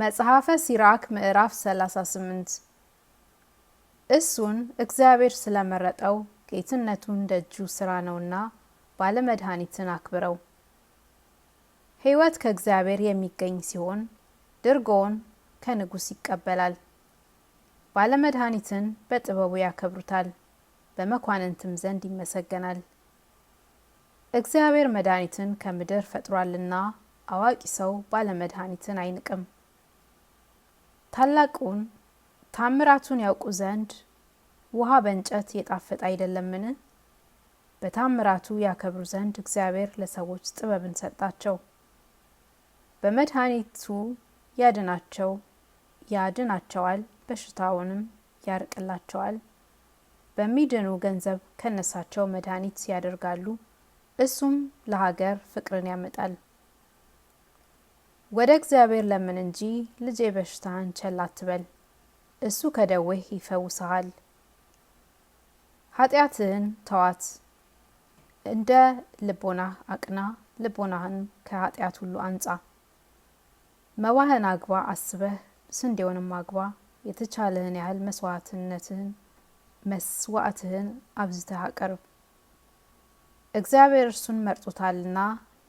መጽሐፈ ሲራክ ምዕራፍ 38 እሱን እግዚአብሔር ስለመረጠው ጌትነቱን ደጁ ስራ ነውና ባለመድኃኒትን አክብረው። ሕይወት ከእግዚአብሔር የሚገኝ ሲሆን ድርጎውን ከንጉሥ ይቀበላል። ባለመድኃኒትን በጥበቡ ያከብሩታል፣ በመኳንንትም ዘንድ ይመሰገናል። እግዚአብሔር መድኃኒትን ከምድር ፈጥሯልና አዋቂ ሰው ባለመድኃኒትን አይንቅም። ታላቁን ታምራቱን ያውቁ ዘንድ ውሃ በእንጨት የጣፈጠ አይደለምን? በታምራቱ ያከብሩ ዘንድ እግዚአብሔር ለሰዎች ጥበብን ሰጣቸው። በመድኃኒቱ ያድናቸው ያድናቸዋል፣ በሽታውንም ያርቅላቸዋል። በሚድኑ ገንዘብ ከነሳቸው መድኃኒት ያደርጋሉ፣ እሱም ለሀገር ፍቅርን ያመጣል። ወደ እግዚአብሔር ለምን እንጂ ልጄ በሽታህን ቸል አትበል፣ እሱ ከደዌህ ይፈውሰሃል። ኃጢአትህን ተዋት፣ እንደ ልቦናህ አቅና፣ ልቦናህን ከኃጢአት ሁሉ አንጻ። መባህን አግባ አስበህ፣ ስንዴውንም አግባ፣ የተቻለህን ያህል መስዋዕትነትህን መስዋዕትህን አብዝተህ አቅርብ። እግዚአብሔር እርሱን መርጦታልና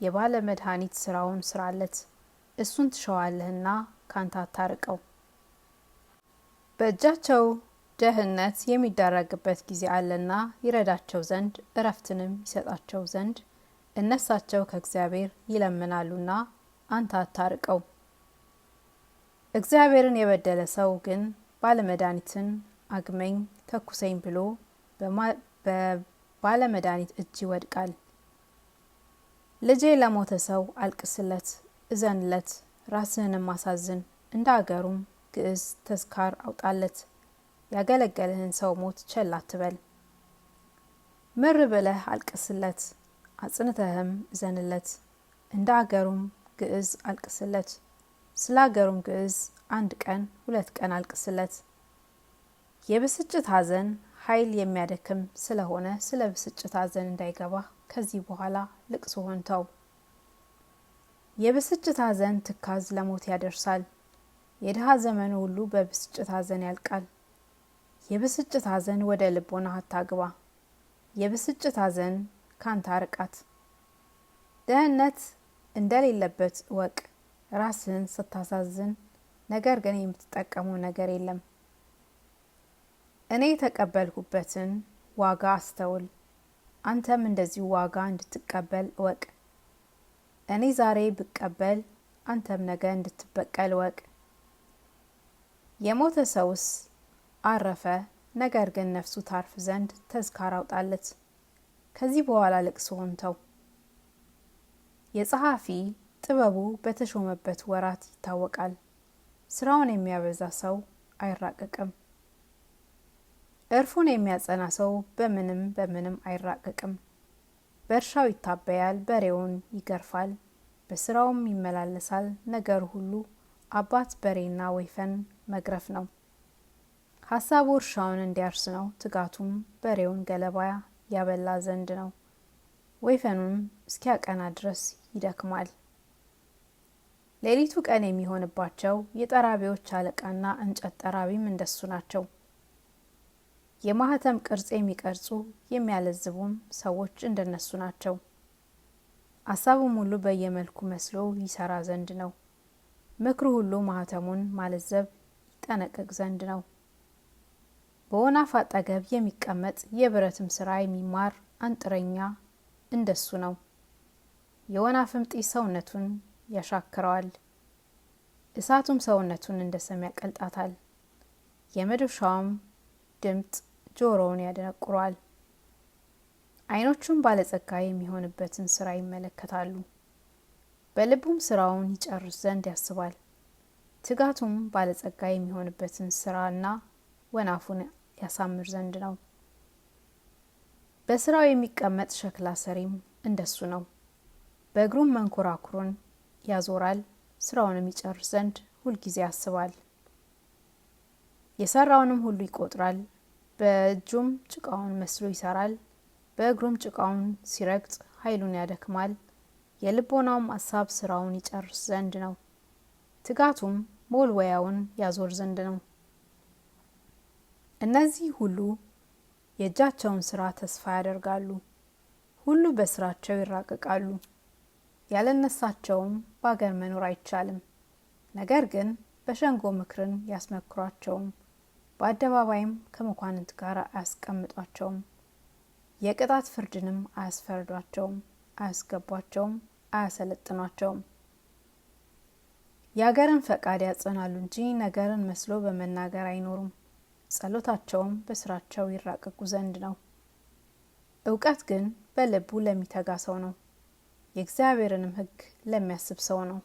የባለ መድኃኒት ስራውን ስራለት። እሱን ትሸዋለህና ካንተ አታርቀው። በእጃቸው ደህንነት የሚደረግበት ጊዜ አለና ይረዳቸው ዘንድ እረፍትንም ይሰጣቸው ዘንድ እነሳቸው ከእግዚአብሔር ይለምናሉና አንተ አታርቀው። እግዚአብሔርን የበደለ ሰው ግን ባለመድኃኒትን አግመኝ ተኩሰኝ ብሎ በባለመድኃኒት እጅ ይወድቃል። ልጄ ለሞተ ሰው አልቅስለት እዘንለት፣ ራስህንም አሳዝን፣ እንደ አገሩም ግዕዝ ተስካር አውጣለት። ያገለገልህን ሰው ሞት ቸል አትበል። ምር ብለህ አልቅስለት፣ አጽንተህም እዘንለት። እንደ አገሩም ግዕዝ አልቅስለት። ስለ አገሩም ግዕዝ አንድ ቀን ሁለት ቀን አልቅስለት። የብስጭት ሐዘን ኃይል የሚያደክም ስለሆነ ስለ ብስጭት ሐዘን እንዳይገባ ከዚህ በኋላ ልቅሶ ሆንተው። የብስጭት ሐዘን ትካዝ ለሞት ያደርሳል። የድሃ ዘመኑ ሁሉ በብስጭት ሐዘን ያልቃል። የብስጭት ሐዘን ወደ ልቦና አታግባ። የብስጭት ሐዘን ካንታ አርቃት ደህንነት እንደሌለበት እወቅ። ራስን ስታሳዝን ነገር ግን የምትጠቀመው ነገር የለም። እኔ የተቀበልኩበትን ዋጋ አስተውል። አንተም እንደዚሁ ዋጋ እንድትቀበል እወቅ። እኔ ዛሬ ብቀበል አንተም ነገ እንድትበቀል ወቅ። የሞተ ሰውስ አረፈ፣ ነገር ግን ነፍሱ ታርፍ ዘንድ ተዝካር አውጣለት። ከዚህ በኋላ ልቅሶውን ተው። የጸሐፊ ጥበቡ በተሾመበት ወራት ይታወቃል። ስራውን የሚያበዛ ሰው አይራቀቅም። እርፉን የሚያጸና ሰው በምንም በምንም አይራቀቅም። በእርሻው ይታበያል፣ በሬውን ይገርፋል፣ በስራውም ይመላለሳል። ነገር ሁሉ አባት በሬና ወይፈን መግረፍ ነው። ሀሳቡ እርሻውን እንዲያርስ ነው። ትጋቱም በሬውን ገለባ ያበላ ዘንድ ነው። ወይፈኑም እስኪያቀና ድረስ ይደክማል። ሌሊቱ ቀን የሚሆንባቸው የጠራቢዎች አለቃና እንጨት ጠራቢም እንደሱ ናቸው። የማህተም ቅርጽ የሚቀርጹ የሚያለዝቡም ሰዎች እንደነሱ ናቸው። አሳቡም ሁሉ በየመልኩ መስሎ ይሰራ ዘንድ ነው። ምክሩ ሁሉ ማህተሙን ማለዘብ ይጠነቀቅ ዘንድ ነው። በወናፍ አጠገብ የሚቀመጥ የብረትም ስራ የሚማር አንጥረኛ እንደሱ ነው። የወናፍም ጢስ ሰውነቱን ያሻክረዋል፣ እሳቱም ሰውነቱን እንደ ሰም ያቀልጣታል። የመዶሻውም ድምፅ ጆሮውን ያደነቁሯል። አይኖቹም ባለጸጋ የሚሆንበትን ስራ ይመለከታሉ። በልቡም ስራውን ይጨርስ ዘንድ ያስባል። ትጋቱም ባለጸጋ የሚሆንበትን ስራና ወናፉን ያሳምር ዘንድ ነው። በስራው የሚቀመጥ ሸክላ ሰሪም እንደሱ ነው። በእግሩም መንኮራኩሩን ያዞራል። ስራውንም ይጨርስ ዘንድ ሁልጊዜ ያስባል። የሰራውንም ሁሉ ይቆጥራል። በእጁም ጭቃውን መስሎ ይሰራል፣ በእግሩም ጭቃውን ሲረግጥ ኃይሉን ያደክማል። የልቦናውም አሳብ ስራውን ይጨርስ ዘንድ ነው፣ ትጋቱም ሞልወያውን ያዞር ዘንድ ነው። እነዚህ ሁሉ የእጃቸውን ስራ ተስፋ ያደርጋሉ፣ ሁሉ በስራቸው ይራቀቃሉ። ያለነሳቸውም በአገር መኖር አይቻልም። ነገር ግን በሸንጎ ምክርን ያስመክሯቸውም በአደባባይም ከመኳንንት ጋር አያስቀምጧቸውም። የቅጣት ፍርድንም አያስፈርዷቸውም፣ አያስገቧቸውም፣ አያሰለጥኗቸውም። የአገርን ፈቃድ ያጸናሉ እንጂ ነገርን መስሎ በመናገር አይኖሩም። ጸሎታቸውም በስራቸው ይራቀቁ ዘንድ ነው። እውቀት ግን በልቡ ለሚተጋ ሰው ነው፣ የእግዚአብሔርንም ሕግ ለሚያስብ ሰው ነው።